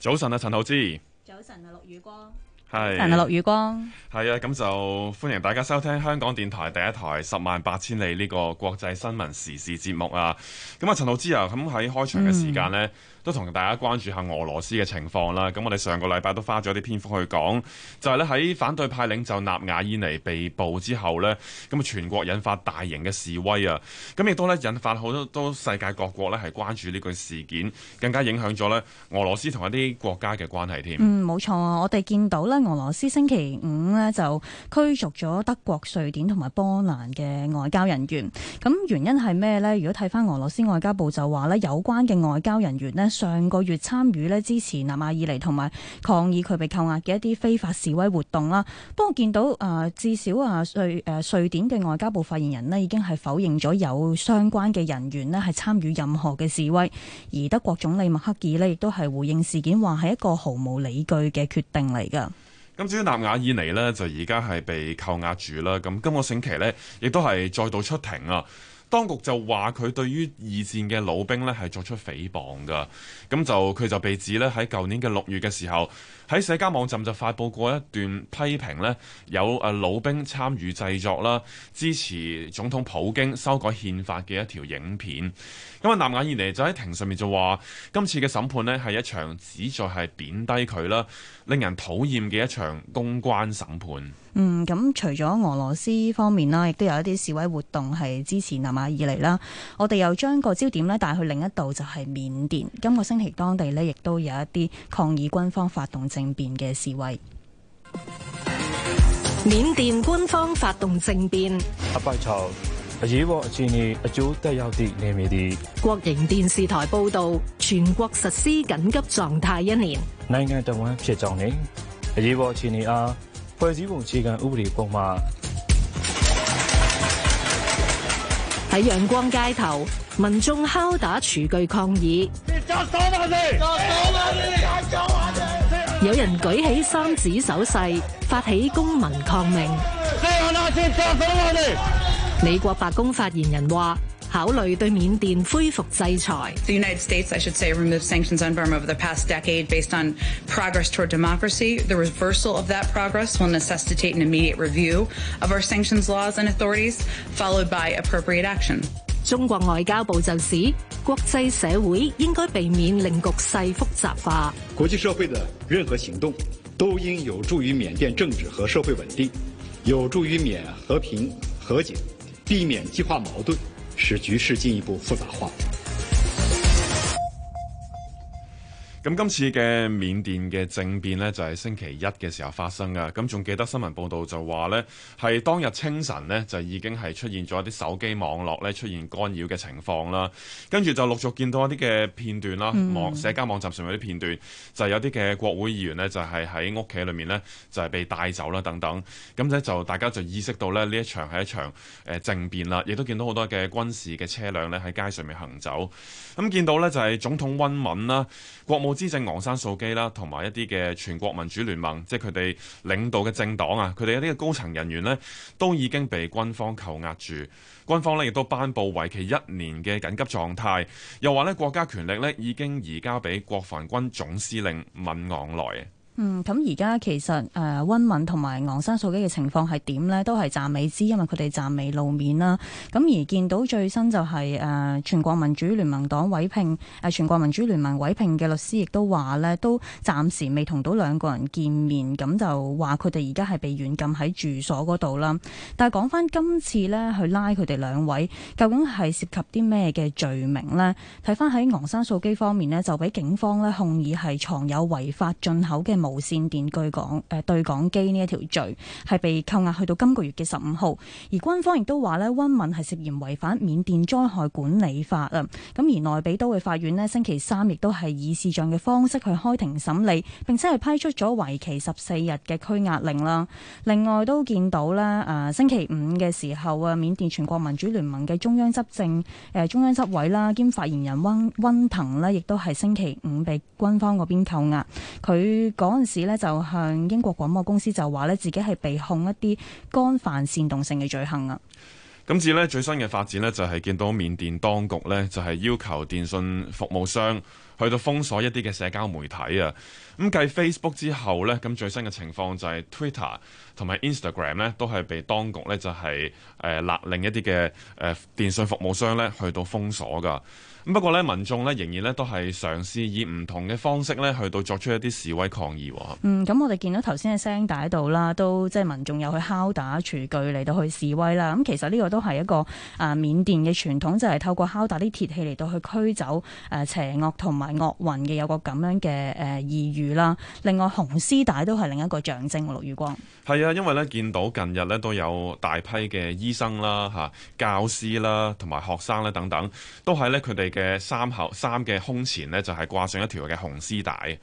早晨啊，陳浩之。早晨啊，陸雨光。係。晨啊，陸雨光。係啊，咁就歡迎大家收聽香港電台第一台十萬八千里呢個國際新聞時事節目啊。咁啊，陳浩之啊，咁喺開場嘅時間呢。嗯都同大家關注下俄羅斯嘅情況啦。咁我哋上個禮拜都花咗啲篇幅去講，就係呢：喺反對派領袖納瓦伊尼被捕之後呢，咁啊全國引發大型嘅示威啊。咁亦都呢，引發好多都世界各國呢係關注呢個事件，更加影響咗呢俄羅斯同一啲國家嘅關係添。嗯，冇錯啊，我哋見到呢俄羅斯星期五呢就驅逐咗德國、瑞典同埋波蘭嘅外交人員。咁原因係咩呢？如果睇翻俄羅斯外交部就話呢有關嘅外交人員呢。上個月參與咧支持納瓦爾尼同埋抗議佢被扣押嘅一啲非法示威活動啦，不過見到誒、呃、至少啊，瑞誒、呃、瑞典嘅外交部發言人咧已經係否認咗有相關嘅人員咧係參與任何嘅示威，而德國總理默克爾咧亦都係回應事件話係一個毫無理據嘅決定嚟噶。咁至於納瓦爾尼咧，就而家係被扣押住啦。咁今個星期呢，亦都係再度出庭啊。當局就話佢對於二戰嘅老兵咧係作出誹謗嘅，咁就佢就被指咧喺舊年嘅六月嘅時候，喺社交網站就發佈過一段批評呢有誒老兵參與製作啦，支持總統普京修改憲法嘅一條影片。咁啊，納瓦爾尼就喺庭上面就話：今次嘅審判呢係一場旨在係貶低佢啦，令人討厭嘅一場公關審判。嗯，咁除咗俄羅斯方面啦，亦都有一啲示威活動係支持納瓦爾尼啦。我哋又將個焦點咧帶去另一度，就係緬甸。今個星期當地呢，亦都有一啲抗議軍方發動者政變嘅示威，緬甸官方發動政變。國營電視台報道，全國實施緊急狀態一年。喺仰光街頭，民眾敲打廚具抗議。有人舉起三指手勢，發起公民抗命。美國白宮發言人話：考慮對緬甸恢復制裁。The United States, I should say, removed sanctions on Burma over the past decade, based on progress toward democracy. The reversal of that progress will necessitate an immediate review of our sanctions laws and authorities, followed by appropriate action. 中國外交部就指，國際社會應該避免令局勢複雜化。國際社會的任何行動都應有助於緬甸政治和社會穩定，有助於緬和平和解，避免激化矛盾，使局勢進一步複雜化。咁今次嘅緬甸嘅政變呢就係、是、星期一嘅時候發生㗎。咁仲記得新聞報道就話呢係當日清晨呢，就已經係出現咗一啲手機網絡呢出現干擾嘅情況啦。跟住就陸續見到一啲嘅片段啦，網社交網站上面啲片段，嗯、就是、有啲嘅國會議員呢，就係喺屋企裏面呢，就係、是、被帶走啦等等。咁呢，就大家就意識到咧，呢一場係一場、呃、政變啦，亦都見到好多嘅軍事嘅車輛呢，喺街上面行走。咁見到呢，就係、是、總統温敏啦，國務資政昂山素基啦，同埋一啲嘅全國民主聯盟，即係佢哋領導嘅政黨啊，佢哋一啲嘅高層人員呢，都已經被軍方扣押住。軍方呢，亦都頒布為期一年嘅緊急狀態，又話呢國家權力呢，已經移交俾國防軍總司令敏昂萊。嗯，咁而家其實誒温敏同埋昂山素姬嘅情況係點呢？都係暫未知，因為佢哋暫未露面啦。咁而見到最新就係、是、誒、呃、全國民主聯盟黨委聘誒、呃、全國民主聯盟委聘嘅律師亦都話呢，都暫時未同到兩個人見面，咁就話佢哋而家係被軟禁喺住所嗰度啦。但係講翻今次呢，去拉佢哋兩位，究竟係涉及啲咩嘅罪名呢？睇翻喺昂山素姬方面呢，就俾警方呢控以係藏有違法進口嘅無線電據港誒對講機呢一條罪，係被扣押去到今個月嘅十五號，而軍方亦都話咧溫敏係涉嫌違反緬甸災害管理法啊。咁而內比都嘅法院咧星期三亦都係以視像嘅方式去開庭審理，並且係批出咗為期十四日嘅拘押令啦。另外都見到咧誒星期五嘅時候啊，緬甸全國民主聯盟嘅中央執政誒、呃、中央執委啦兼發言人溫溫騰咧亦都係星期五被軍方嗰邊扣押，佢講。當時咧就向英國廣播公司就話咧自己係被控一啲干犯煽動性嘅罪行啊！今次咧最新嘅發展咧就係見到緬甸當局咧就係要求電信服務商去到封鎖一啲嘅社交媒體啊！咁繼 Facebook 之後咧，咁最新嘅情況就係 Twitter 同埋 Instagram 咧都係被當局咧就係誒勒令一啲嘅誒電信服務商咧去到封鎖噶。咁不過咧，民眾咧仍然咧都係嘗試以唔同嘅方式咧去到作出一啲示威抗議。嗯，咁我哋見到頭先嘅聲帶度啦，都即係民眾又去敲打廚具嚟到去示威啦。咁其實呢個都係一個啊，緬甸嘅傳統就係透過敲打啲鐵器嚟到去驅走誒邪惡同埋惡運嘅，有個咁樣嘅誒意喻啦。另外紅絲帶都係另一個象徵。陸雨光係啊，因為咧見到近日咧都有大批嘅醫生啦、嚇教師啦、同埋學生啦等等，都係咧佢哋。嘅三口三嘅胸前呢，就係掛上一條嘅紅絲帶。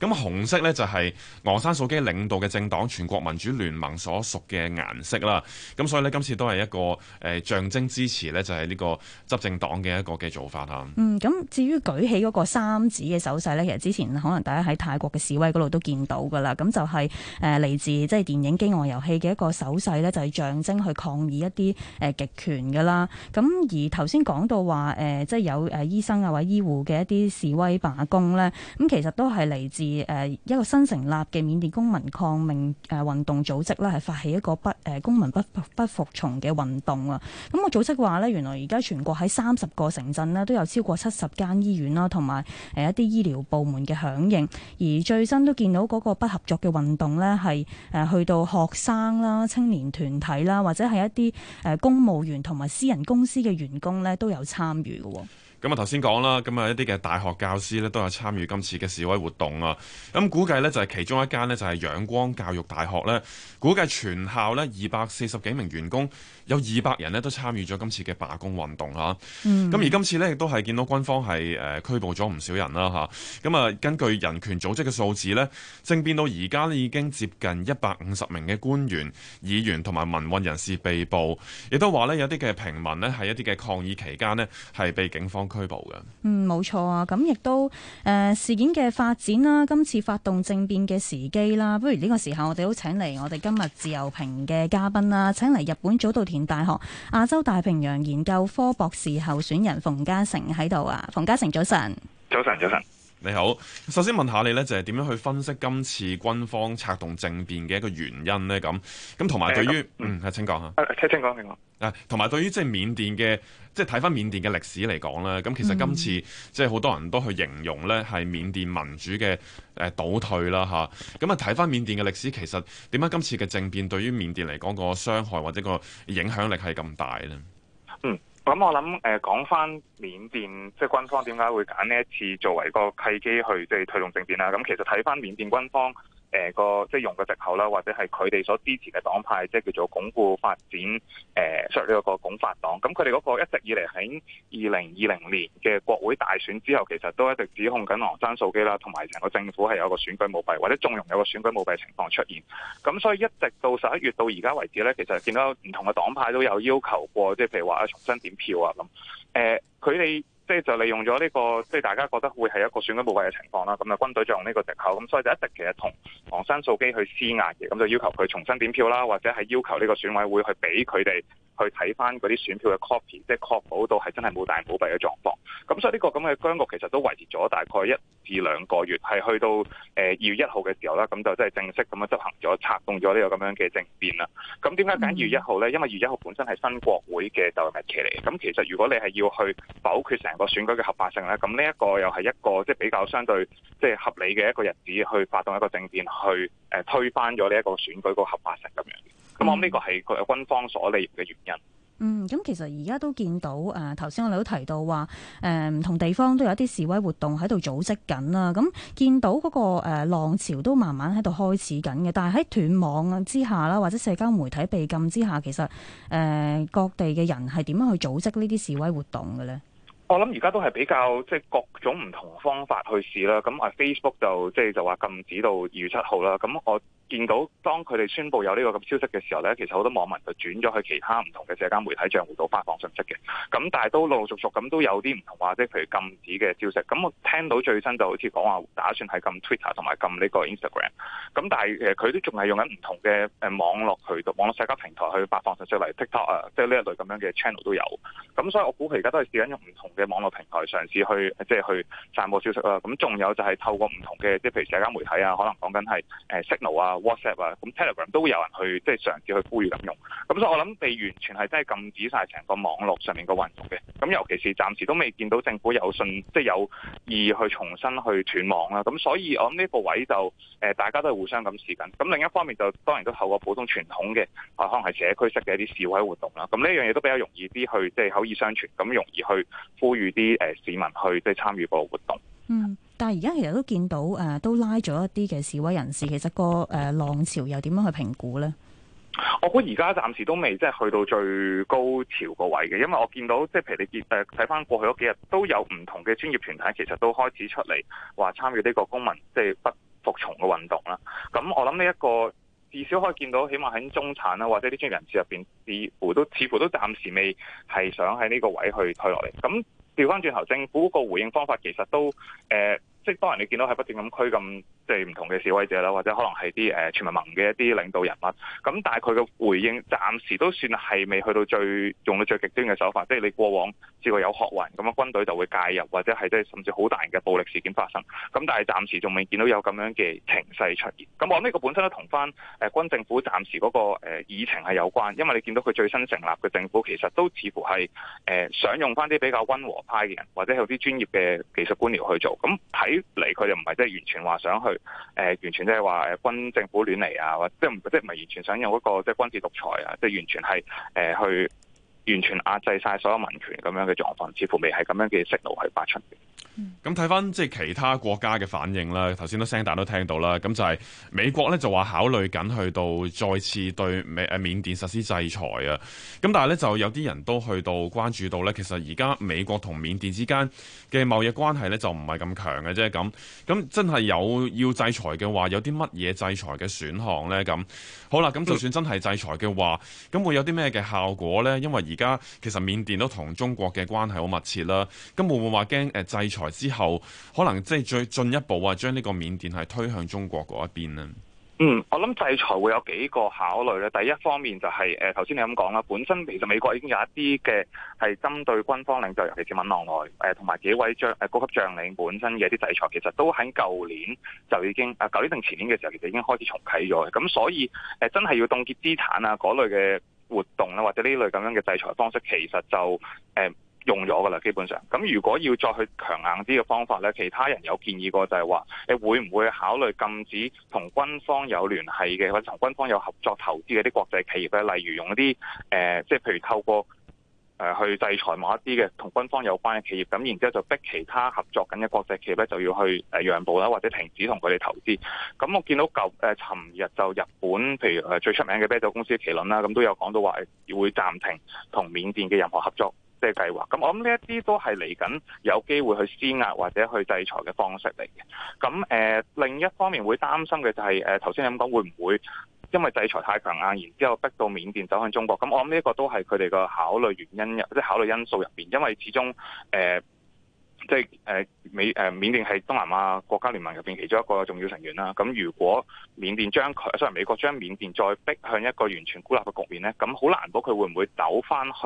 咁紅色呢，就係昂山素姬領導嘅政黨全國民主聯盟所屬嘅顏色啦。咁所以呢，今次都係一個誒象徵支持呢，就係、是、呢個執政黨嘅一個嘅做法啊。嗯，咁至於舉起嗰個三指嘅手勢呢，其實之前可能大家喺泰國嘅示威嗰度都見到噶啦。咁就係誒嚟，自即係電影《飢餓遊戲》嘅一個手勢呢，就係、是、象徵去抗議一啲誒極權噶啦。咁而頭先講到話誒、呃、即係有。誒醫生啊，或者醫護嘅一啲示威罷工呢，咁其實都係嚟自誒一個新成立嘅緬甸公民抗命誒運動組織啦，係發起一個不誒公民不不服從嘅運動啊。咁個組織話呢，原來而家全國喺三十個城鎮咧都有超過七十間醫院啦，同埋誒一啲醫療部門嘅響應。而最新都見到嗰個不合作嘅運動呢，係誒去到學生啦、青年團體啦，或者係一啲誒公務員同埋私人公司嘅員工呢，都有參與嘅。咁啊，頭先講啦，咁啊一啲嘅大學教師咧都有參與今次嘅示威活動啊，咁估計咧就係其中一間咧就係仰光教育大學咧，估計全校咧二百四十幾名員工。有二百人呢都參與咗今次嘅罷工運動嚇，咁、嗯、而今次呢，亦都係見到軍方係誒拘捕咗唔少人啦嚇，咁啊根據人權組織嘅數字呢，政變到而家呢已經接近一百五十名嘅官員、議員同埋民運人士被捕，亦都話呢，有啲嘅平民呢，係一啲嘅抗議期間呢，係被警方拘捕嘅。嗯，冇錯啊，咁亦都誒、呃、事件嘅發展啦，今次發動政變嘅時機啦，不如呢個時候我哋都請嚟我哋今日自由評嘅嘉賓啦，請嚟日本早稻田大學亞洲太平洋研究科博士候選人馮嘉誠喺度啊，馮嘉誠早晨，早晨，早晨。你好，首先問下你呢，就係、是、點樣去分析今次軍方策動政變嘅一個原因呢？咁咁同埋對於，嗯，係、嗯、請講下，誒誒，請，請講、就是、講，同埋對於即係緬甸嘅，即係睇翻緬甸嘅歷史嚟講啦。咁其實今次即係好多人都去形容呢係緬甸民主嘅誒倒退啦吓，咁啊睇翻緬甸嘅歷史，其實點解今次嘅政變對於緬甸嚟講個傷害或者個影響力係咁大呢？嗯。咁我諗，誒、呃，講翻緬甸即係、就是、軍方點解會揀呢一次作為個契機去即係、就是、推動政變啦。咁其實睇翻緬甸軍方。誒個即係用個藉口啦，或者係佢哋所支持嘅黨派，即係叫做鞏固發展誒，出、呃、咗、這個鞏發黨。咁佢哋嗰個一直以嚟喺二零二零年嘅國會大選之後，其實都一直指控緊昂山素姬啦，同埋成個政府係有個選舉舞弊或者縱容有個選舉舞弊情況出現。咁所以一直到十一月到而家為止呢，其實見到唔同嘅黨派都有要求過，即係譬如話重新點票啊咁。誒、呃，佢哋。即係就利用咗呢、這個，即、就、係、是、大家覺得會係一個選舉舞弊嘅情況啦。咁啊軍隊就用呢個藉口，咁所以就一直其實同翁山素姬去施壓嘅，咁就要求佢重新點票啦，或者係要求呢個選委會去俾佢哋去睇翻嗰啲選票嘅 copy，即係確保到係真係冇大舞弊嘅狀況。咁所以呢個咁嘅僵局其實都維持咗大概一至兩個月，係去到誒二月一號嘅時候啦，咁就真係正式咁樣執行咗策動咗呢個咁樣嘅政變啦。咁點解揀二月一號咧？Mm. 因為二月一號本身係新國會嘅就日期嚟嘅。咁其實如果你係要去否決成個選舉嘅合法性咧，咁呢一個又係一個即係比較相對即係合理嘅一個日子去發動一個政變，去誒推翻咗呢一個選舉個合法性咁樣。咁我諗呢個係佢軍方所利用嘅原因。嗯，咁、嗯、其實而家都見到誒，頭先我哋都提到話誒，唔、嗯、同地方都有一啲示威活動喺度組織緊啦。咁、嗯、見到嗰個誒浪潮都慢慢喺度開始緊嘅，但係喺斷網之下啦，或者社交媒體被禁之下，其實誒、嗯、各地嘅人係點樣去組織呢啲示威活動嘅咧？我諗而家都係比較即係各種唔同方法去試啦。咁啊 Facebook 就即係就話禁止到二月七號啦。咁我見到當佢哋宣布有呢個咁消息嘅時候咧，其實好多網民就轉咗去其他唔同嘅社交媒體賬戶度發放信息嘅。咁但係都陸陸續續咁都有啲唔同話，即係譬如禁止嘅消息。咁我聽到最新就好似講話打算係禁 Twitter 同埋禁呢個 Instagram。咁但係佢都仲係用緊唔同嘅誒網絡渠道、網絡社交平台去發放信息，例如 TikTok 啊，即係呢一類咁樣嘅 channel 都有。咁所以我估佢而家都係試緊用唔同嘅。網絡平台嘗試去即係去散播消息啦，咁仲有就係透過唔同嘅，即係譬如社交媒體啊，可能講緊係 Signal 啊、WhatsApp 啊，咁 Telegram 都會有人去即係嘗試去呼籲咁用。咁所以我諗未完全係真係禁止曬成個網絡上面嘅運動嘅。咁尤其是暫時都未見到政府有信，即係有意去重新去斷網啦。咁所以我諗呢個位就大家都係互相咁試緊。咁另一方面就當然都透過普通傳統嘅，可能係社區式嘅一啲示威活動啦。咁呢樣嘢都比較容易啲去即係口耳相傳，咁容易去呼籲啲誒市民去即係參與個活動。嗯，但係而家其實都見到誒，都拉咗一啲嘅示威人士。其實個誒浪潮又點樣去評估咧？我估而家暫時都未即係去到最高潮個位嘅，因為我見到即係譬如你見誒睇翻過去嗰幾日，都有唔同嘅專業團體其實都開始出嚟話參與呢個公民即係不服從嘅運動啦。咁我諗呢一個至少可以見到，起碼喺中產啦，或者啲專業人士入邊，似乎都似乎都暫時未係想喺呢個位去推落嚟。咁調翻轉頭，政府嗰個回應方法其實都誒。欸即係當然，你見到喺不斷咁拘禁咁即係唔同嘅示威者啦，或者可能係啲誒全民盟嘅一啲領導人物。咁但係佢嘅回應暫時都算係未去到最用到最極端嘅手法，即係你過往試過有，有學運咁樣軍隊就會介入，或者係即係甚至好大型嘅暴力事件發生。咁但係暫時仲未見到有咁樣嘅情勢出現。咁我諗呢個本身都同翻誒軍政府暫時嗰個誒議程係有關，因為你見到佢最新成立嘅政府其實都似乎係誒想用翻啲比較溫和派嘅人，或者有啲專業嘅技術官僚去做。咁睇嚟佢又唔係即係完全話想去誒、呃，完全即係話軍政府亂嚟啊，或者即係即係唔係完全想用嗰個即係軍事獨裁啊，即係完全係誒、呃、去完全壓制晒所有民權咁樣嘅狀況，似乎未係咁樣嘅思路去發出嘅。咁睇翻，即係其他國家嘅反應啦，頭先都聲，大家都聽到啦。咁就係美國呢，就話考慮緊去到再次對緬誒緬甸實施制裁啊。咁但係呢，就有啲人都去到關注到呢，其實而家美國同緬甸之間嘅貿易關係呢，就唔係咁強嘅啫。咁咁真係有要制裁嘅話，有啲乜嘢制裁嘅選項呢？咁好啦，咁就算真係制裁嘅話，咁會有啲咩嘅效果呢？因為而家其實緬甸都同中國嘅關係好密切啦。咁會唔會話驚誒制裁？之後可能即係再進一步啊，將呢個緬甸係推向中國嗰一邊咧。嗯，我諗制裁會有幾個考慮咧。第一方面就係誒頭先你咁講啦，本身其實美國已經有一啲嘅係針對軍方領袖，尤其是敏昂萊誒同埋幾位將誒、呃、高級將領本身嘅啲制裁，其實都喺舊年就已經啊，舊年定前年嘅時候其實已經開始重啟咗。咁所以誒、呃、真係要凍結資產啊嗰類嘅活動咧，或者呢類咁樣嘅制裁方式，其實就誒。呃用咗噶啦，基本上咁，如果要再去強硬啲嘅方法咧，其他人有建議過，就係話，你會唔會考慮禁止同軍方有聯繫嘅，或者同軍方有合作投資嘅啲國際企業咧？例如用一啲誒，即係譬如透過誒去制裁某一啲嘅同軍方有關嘅企業，咁然之後就逼其他合作緊嘅國際企業咧就要去誒讓步啦，或者停止同佢哋投資。咁我見到舊誒，尋日就日本，譬如最出名嘅啤酒公司麒麟啦，咁都有講到話會暫停同緬甸嘅任何合作。咁我諗呢一啲都係嚟緊有機會去施壓或者去制裁嘅方式嚟嘅。咁誒、呃、另一方面會擔心嘅就係誒頭先咁講，呃、會唔會因為制裁太強硬、啊，然之後逼到緬甸走向中國？咁我諗呢個都係佢哋嘅考慮原因入，即係考慮因素入面，因為始終誒。呃即、就、係、是、誒美誒緬甸係東南亞國家聯盟入邊其中一個重要成員啦。咁如果緬甸將佢，雖然美國將緬甸再逼向一個完全孤立嘅局面咧，咁好難講佢會唔會走翻去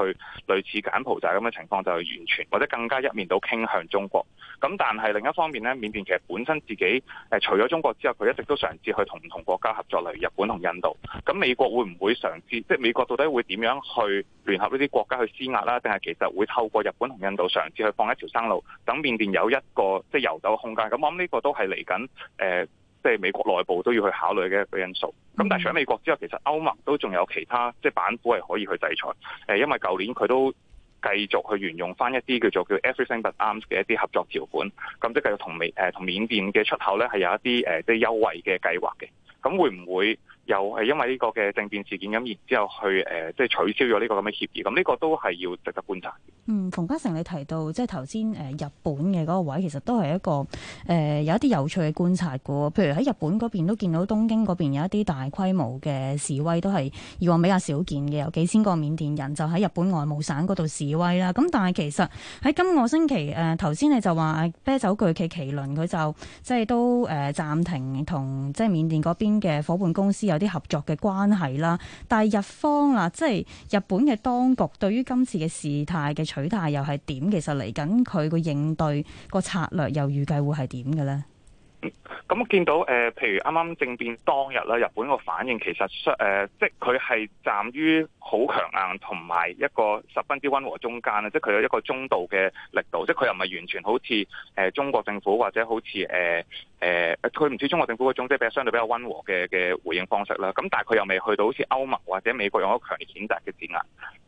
類似柬埔寨咁嘅情況，就係完全或者更加一面倒傾向中國。咁但係另一方面咧，緬甸其實本身自己除咗中國之後，佢一直都嘗試去同唔同國家合作，例如日本同印度。咁美國會唔會嘗試？即係美國到底會點樣去聯合呢啲國家去施壓啦？定係其實會透過日本同印度嘗試去放一條生路？等緬甸有一個即係遊走嘅空間，咁我諗呢個都係嚟緊誒，即係美國內部都要去考慮嘅一個因素。咁、mm -hmm. 但係除咗美國之外，其實歐盟都仲有其他即係板斧係可以去制裁。誒、呃，因為舊年佢都繼續去沿用翻一啲叫做叫 Everything But Arms、right、嘅一啲合作條款，咁即係繼續同美誒同緬甸嘅出口咧係有一啲、呃、即係優惠嘅計劃嘅。咁會唔會？又係因為呢個嘅政變事件咁，然之後去誒，即係取消咗呢個咁嘅協議，咁呢個都係要值得觀察的。嗯，馮嘉誠你提到，即係頭先誒日本嘅嗰個位，其實都係一個誒、呃、有一啲有趣嘅觀察嘅喎。譬如喺日本嗰邊都見到東京嗰邊有一啲大規模嘅示威，都係以往比較少見嘅，有幾千個緬甸人就喺日本外務省嗰度示威啦。咁但係其實喺今個星期誒頭先你就話啤酒巨企麒麟佢就即係都誒暫停同即係緬甸嗰邊嘅伙伴公司啊。有啲合作嘅關係啦，但係日方啦，即係日本嘅當局對於今次嘅事態嘅取態又係點？其實嚟緊佢個應對個策略又預計會係點嘅咧？咁我見到誒、呃，譬如啱啱政變當日日本個反應其實誒、呃，即佢係站於好強硬同埋一個十分之溫和中間即佢有一個中度嘅力度，即佢又唔係完全好似誒、呃、中國政府或者好似誒誒，佢唔似中國政府嗰種即係比較相對比較溫和嘅嘅回應方式啦。咁但係佢又未去到好似歐盟或者美國用一個強烈譴責嘅字眼。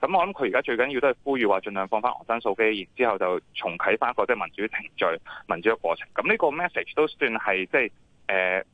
咁我諗佢而家最緊要都係呼籲話盡量放翻昂山素姬，然之後就重啟翻一個即民主程序、民主嘅過程。咁呢個 message 都算係即係。誒。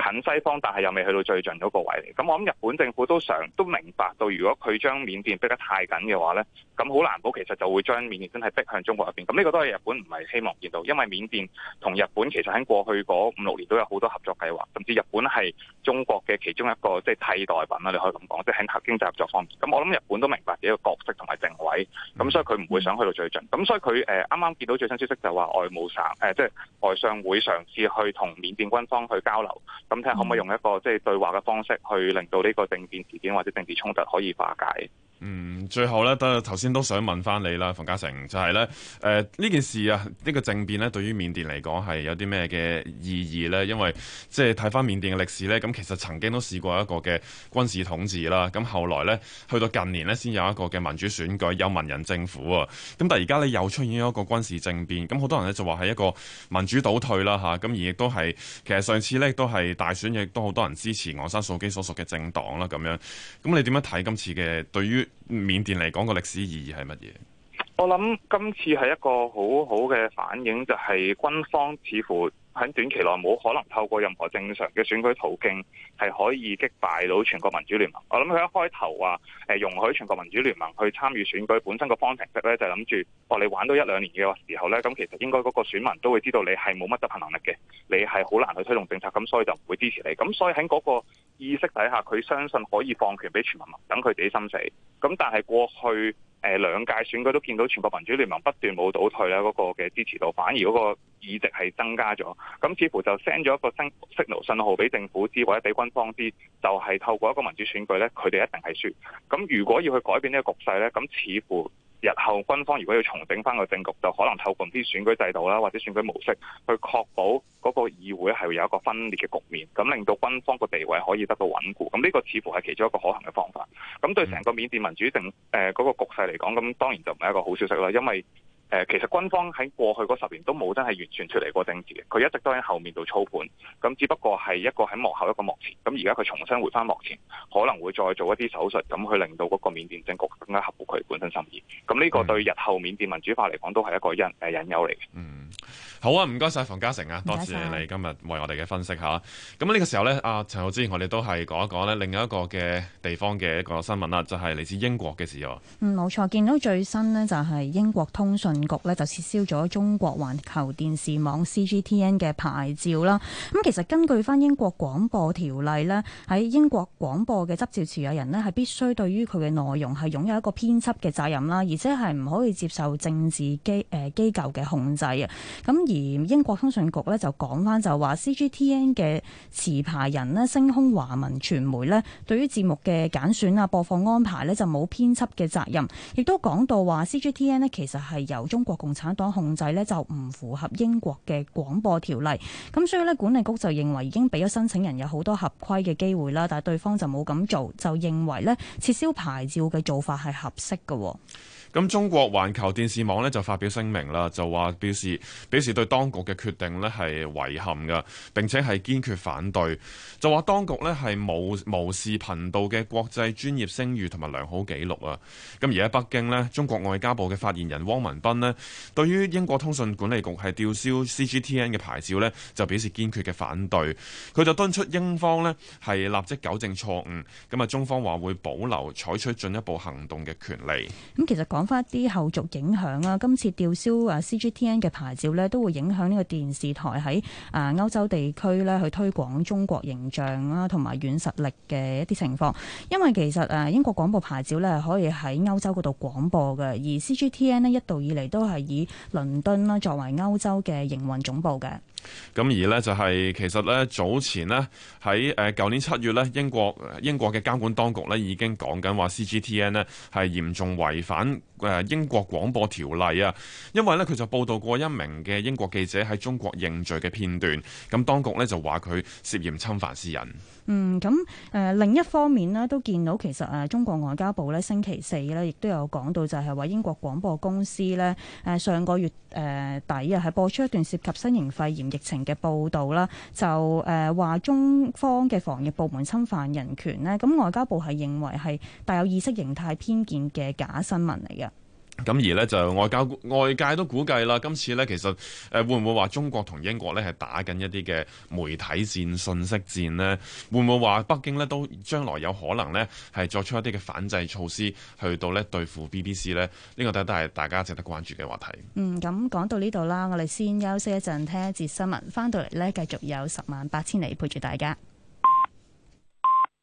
近西方，但係又未去到最盡嗰個位。咁我諗日本政府都想都明白到，如果佢將緬甸逼得太緊嘅話呢，咁好難保其實就會將緬甸真係逼向中國入面。咁呢個都係日本唔係希望見到，因為緬甸同日本其實喺過去嗰五六年都有好多合作計劃，甚至日本係中國嘅其中一個即係替代品啦，你可以咁講，即係喺核經濟合作方面。咁我諗日本都明白自己個角色同埋定位，咁所以佢唔會想去到最盡。咁所以佢誒啱啱見到最新消息就話外務省誒、呃、即係外相會嘗試去同緬甸軍方去交流。咁睇下可唔可以用一個即係對話嘅方式，去令到呢個政變事件或者政治衝突可以化解。嗯，最後咧，都頭先都想問翻你啦，馮嘉誠，就係、是、咧，誒、呃、呢件事啊，呢、這個政變呢對於緬甸嚟講係有啲咩嘅意義呢？因為即係睇翻緬甸嘅歷史呢，咁其實曾經都試過一個嘅軍事統治啦，咁後來呢，去到近年呢，先有一個嘅民主選舉，有文人政府啊。咁但係而家呢，又出現咗一個軍事政變，咁好多人呢，就話係一個民主倒退啦吓，咁而亦都係其實上次呢，都係大選，亦都好多人支持昂山素姬所屬嘅政黨啦咁樣，咁你點樣睇今次嘅對於？緬甸嚟講，個歷史意義係乜嘢？我諗今次係一個好好嘅反映，就係軍方似乎。喺短期內冇可能透過任何正常嘅選舉途徑係可以擊敗到全國民主聯盟。我諗佢一開頭話誒容許全國民主聯盟去參與選舉，本身個方程式咧就係諗住，哦你玩到一兩年嘅時候咧，咁其實應該嗰個選民都會知道你係冇乜執行能力嘅，你係好難去推動政策，咁所以就唔會支持你。咁所以喺嗰個意識底下，佢相信可以放權俾全民盟等佢自己心死。咁但係過去。誒兩屆選舉都見到全國民主聯盟不斷冇倒退啦，嗰個嘅支持度反而嗰個議席係增加咗。咁似乎就 send 咗一個新 signal 信號俾政府知，或者俾軍方知，就係透過一個民主選舉咧，佢哋一定係輸。咁如果要去改變呢個局勢咧，咁似乎。日後軍方如果要重整翻個政局，就可能透過啲選舉制度啦，或者選舉模式，去確保嗰個議會係有一個分裂嘅局面，咁令到軍方個地位可以得到穩固。咁呢個似乎係其中一個可行嘅方法。咁對成個緬甸民主政誒嗰個局勢嚟講，咁當然就唔係一個好消息啦，因為。誒，其實軍方喺過去嗰十年都冇真係完全出嚟過政治，佢一直都喺後面度操盤。咁只不過係一個喺幕後一個幕前。咁而家佢重新回翻幕前，可能會再做一啲手術，咁去令到嗰個緬甸政局更加合乎佢本身心意。咁呢個對日後緬甸民主化嚟講，都係一個隱憂嚟嘅。好啊，唔該晒，馮嘉誠啊，多謝你今日為我哋嘅分析嚇。咁呢個時候呢，阿、啊、陳浩之，我哋都係講一講呢另一個嘅地方嘅一個新聞啦，就係、是、嚟自英國嘅事喎。冇、嗯、錯，見到最新呢就係英國通訊局呢就撤銷咗中國環球電視網 CGTN 嘅牌照啦。咁其實根據翻英國廣播條例呢，喺英國廣播嘅執照持有人呢，係必須對於佢嘅內容係擁有一個編輯嘅責任啦，而且係唔可以接受政治機誒機構嘅控制啊。咁而英國通訊局呢，就講翻就話 CGTN 嘅持牌人呢，星空華文傳媒呢，對於節目嘅揀選啊、播放安排呢，就冇編輯嘅責任，亦都講到話 CGTN 呢，其實係由中國共產黨控制呢，就唔符合英國嘅廣播條例，咁所以呢，管理局就認為已經俾咗申請人有好多合規嘅機會啦，但係對方就冇咁做，就認為呢，撤銷牌照嘅做法係合適㗎。咁中國環球電視網呢，就發表聲明啦，就話表示表示對當局嘅決定呢係遺憾嘅，並且係堅決反對。就話當局呢係無無視頻道嘅國際專業聲譽同埋良好記錄啊。咁而喺北京呢，中國外交部嘅發言人汪文斌呢，對於英國通訊管理局係吊銷 CGTN 嘅牌照呢，就表示堅決嘅反對。佢就敦促英方呢係立即糾正錯誤。咁啊中方話會保留採取進一步行動嘅權利。咁其實講翻啲後續影響啦，今次吊銷啊 CGTN 嘅牌照咧，都會影響呢個電視台喺啊歐洲地區咧去推廣中國形象啊同埋軟實力嘅一啲情況。因為其實啊英國廣播牌照咧，可以喺歐洲嗰度廣播嘅，而 CGTN 咧一度以嚟都係以倫敦啦作為歐洲嘅營運總部嘅。咁而呢，就係其實呢，早前呢，喺誒舊年七月呢，英國英國嘅監管當局呢已經講緊話 CGTN 咧係嚴重違反。誒，英國廣播條例啊，因為呢，佢就報道過一名嘅英國記者喺中國認罪嘅片段，咁當局呢，就話佢涉嫌侵犯私隱。嗯，咁誒、呃，另一方面呢，都見到，其實誒、呃，中國外交部呢，星期四呢，亦都有講到、就是，就係話英國廣播公司呢，誒、呃、上個月誒底啊，係、呃、播出一段涉及新型肺炎疫情嘅報道啦，就誒話、呃、中方嘅防疫部門侵犯人權呢，咁、呃、外交部係認為係帶有意識形態偏見嘅假新聞嚟嘅。咁而呢，就外交外界都估計啦，今次呢，其實、呃、會唔會話中國同英國呢，係打緊一啲嘅媒體戰、信息戰呢？會唔會話北京呢，都將來有可能呢，係作出一啲嘅反制措施去到呢對付 BBC 呢？呢、呢個都都係大家值得關注嘅話題。嗯，咁講到呢度啦，我哋先休息一陣，聽一節新聞，翻到嚟呢，繼續有十萬八千里陪住大家。